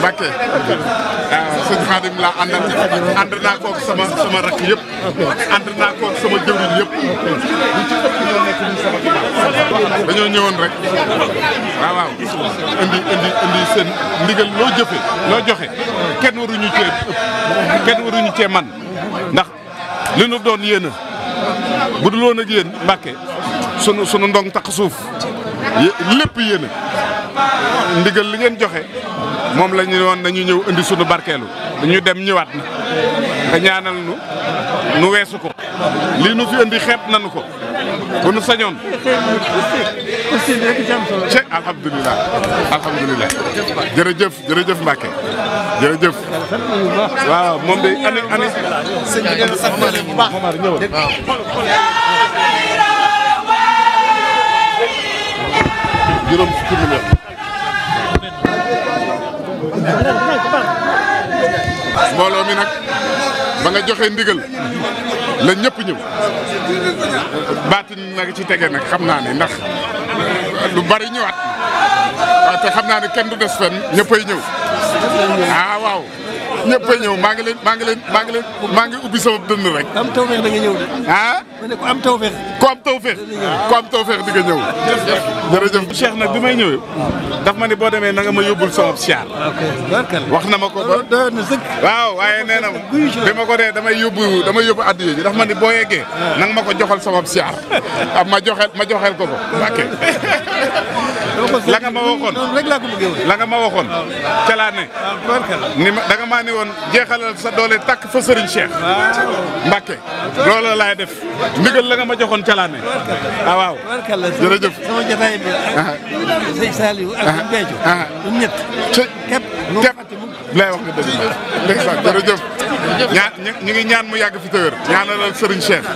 Mbacke ah, sëñ Khadim laa àndal ànd naa koog sama sama rakk yëpp ànd naa koog sama jëwriñ yëpp dañoo ñëwoon rek waaw indi indi indi seen ndigal loo jëfe loo joxe kenn waruñu cee kenn waruñu cee man ndax li nu doon yéen a bu dul yéen Mbacke sunu sunu ndong taq suuf lépp yéen ndigal li ngeen joxe moom la ñu woon nañu ñëw indi sunu barkeelu ñu dem ñëwaat na te nu nu weesu ko liinu nu fi indi xeeb nanu ko bu nu sañoon. ci alhamdulilah alhamdulilah jërëjëf jërëjëf Mbacke waaw moom day ani ani. sëñ bi ngeen sant bu baax juróom fukki mbooloo mi nag ba nga joxe ndigal la ñëpp ñëw baatin nag ci tege nag xam naa ne ndax lu bari ñëwaat waaye te xam naa ne kenn du des fenn ñëppay ñëw. ah waaw ñëpp a ñëw maa ngi leen maa ngi leen maa ngi leen maa ngi ubbi sama dënd rek. am tawfeex da nga am tawfeex. ku am tawfeex. Ah? ku am tawfeex seex nga nag bi may ñëwee. daf ma ne boo demee na nga ma yóbbul sama siyaar. wax na ma ko ba waaw waaye nee na bi ma ko dee damay yóbbu damay yóbbu addiya ji daf ma ne boo yeggee. Ah. nanga ma ko joxal sama siyaar. ah ma joxel ma joxel ko ko. ok la ma waxoon la ne. ni ma da nga maa ne woon jeexalal sa doole takk fa Serigne Cheikh. Mbacke loola laay def ndigal la nga ma joxoon ca laa ne. ah waaw jërëjëf. sama jotaay bi ah. ah. sëñ Saliou ak sëñ ah, ah. Béthio. ñett. képp loo fàtte lay wax nga dëgg jërëjëf. ñaan ñu ngi ñaan mu yàgg fi tëwër ñaanalal Serigne Cheikh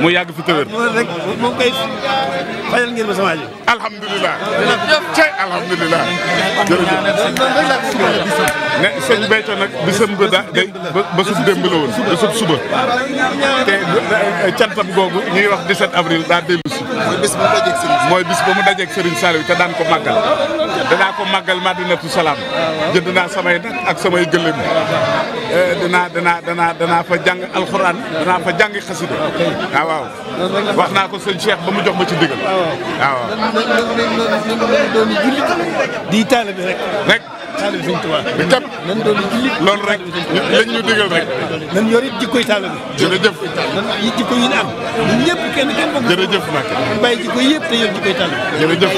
mu yàgg fi tëwër. rek moom kay ne sëñ Béthio nag bisam ba da day ba sub démb la woon ba sub suba. te eh, cantam googu ñuy wax 17 avril daa dellu si. mooy bis ba mu dajeeg Serigne mooy te daan ko màggal. danaa ko màggal Madinatu Salaam. jënd naa samay nag ak samay gëlëm. Eh, dinaa danaa danaa danaa fa jàng alxuraan danaa fa jàng xasida ah, waaw waaw wax naa ko sëñ Cheikh ba mu jox ma ci ndigal ah, waaw ah, waaw doon jullit di taalibe rek rek taalibe sëñ Tuubaa bi tam nan doon jullit loolu rek lañ ñu digal rek nan yor it jikkoy taalibe jërëjëf nan it jikko yi am ñun ñëpp kenn kenn bëgg jërëjëf nag bàyyi jikko yëpp te yor jikkoy taalibe jërëjëf